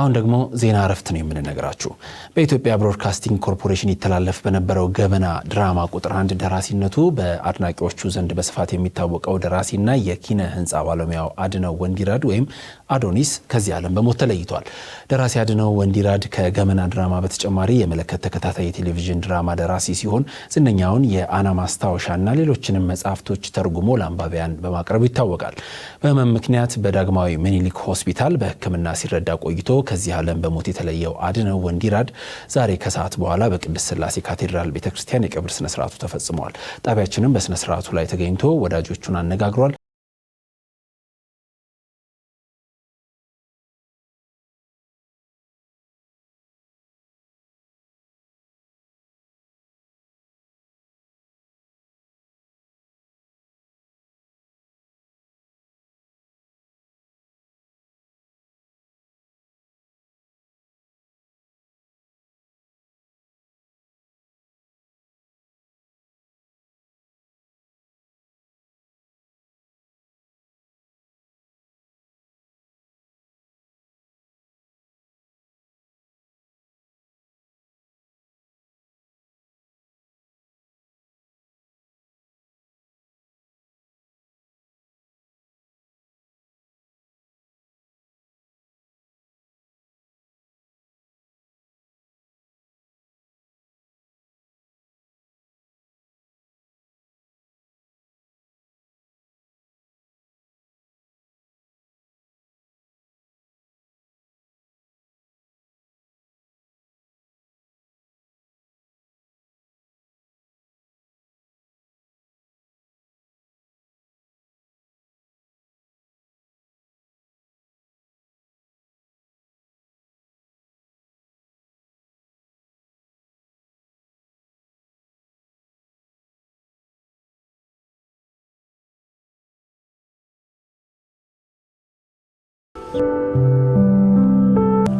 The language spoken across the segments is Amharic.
አሁን ደግሞ ዜና እረፍት ነው የምንነግራችሁ። በኢትዮጵያ ብሮድካስቲንግ ኮርፖሬሽን ይተላለፍ በነበረው ገበና ድራማ ቁጥር አንድ ደራሲነቱ በአድናቂዎቹ ዘንድ በስፋት የሚታወቀው ደራሲና የኪነ ህንፃ ባለሙያው አድነው ወንዲራድ ወይም አዶኒስ ከዚህ ዓለም በሞት ተለይቷል። ደራሲ አድነው ወንዲራድ ከገመና ድራማ በተጨማሪ የመለከት ተከታታይ የቴሌቪዥን ድራማ ደራሲ ሲሆን ዝነኛውን የአና ማስታወሻና ሌሎችንም መጽሐፍቶች ተርጉሞ ለአንባቢያን በማቅረቡ ይታወቃል። በህመም ምክንያት በዳግማዊ ምኒልክ ሆስፒታል በህክምና ሲረዳ ቆይቶ ከዚህ ዓለም በሞት የተለየው አድነው ወንዲራድ ዛሬ ከሰዓት በኋላ በቅድስት ስላሴ ካቴድራል ቤተ ክርስቲያን የቀብር ስነስርዓቱ ተፈጽመዋል። ጣቢያችንም በስነስርዓቱ ላይ ተገኝቶ ወዳጆቹን አነጋግሯል።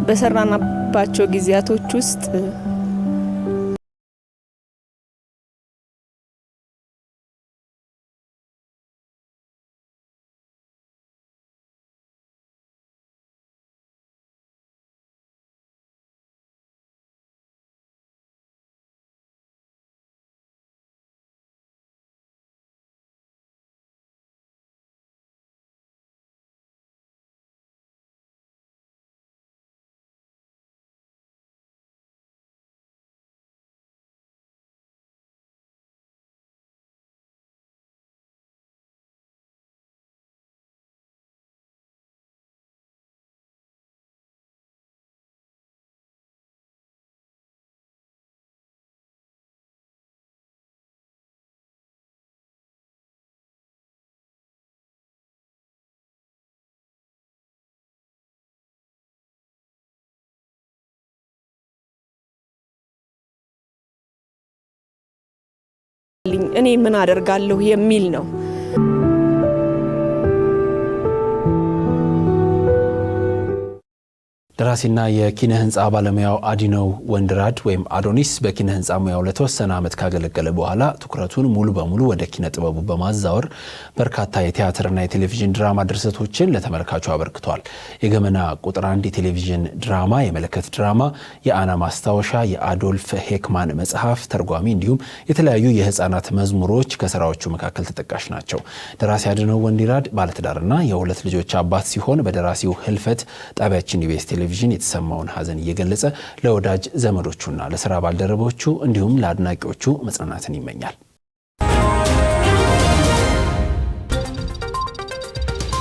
በሰራናባቸው ጊዜያቶች ውስጥ እኔ ምን አደርጋለሁ የሚል ነው። ደራሲና የኪነ ህንፃ ባለሙያው አዲነው ወንድራድ ወይም አዶኒስ በኪነ ህንፃ ሙያው ለተወሰነ ዓመት ካገለገለ በኋላ ትኩረቱን ሙሉ በሙሉ ወደ ኪነ ጥበቡ በማዛወር በርካታ የቲያትርና የቴሌቪዥን ድራማ ድርሰቶችን ለተመልካቹ አበርክቷል። የገመና ቁጥር አንድ የቴሌቪዥን ድራማ፣ የመለከት ድራማ፣ የአና ማስታወሻ፣ የአዶልፍ ሄክማን መጽሐፍ ተርጓሚ እንዲሁም የተለያዩ የህፃናት መዝሙሮች ከስራዎቹ መካከል ተጠቃሽ ናቸው። ደራሲ አዲነው ወንድራድ ባለትዳርና የሁለት ልጆች አባት ሲሆን በደራሲው ህልፈት ጣቢያችን ቴሌቪዥን ቴሌቪዥን የተሰማውን ሐዘን እየገለጸ ለወዳጅ ዘመዶቹና ለስራ ባልደረቦቹ እንዲሁም ለአድናቂዎቹ መጽናናትን ይመኛል።